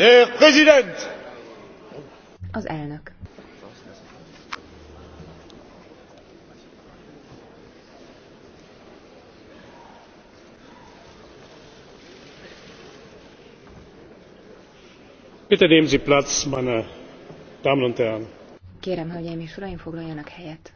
Der Präsident! Az elnök. Bitte nehmen Sie Platz, meine Damen und Herren. Kérem, hölgyeim és uraim, foglaljanak helyet.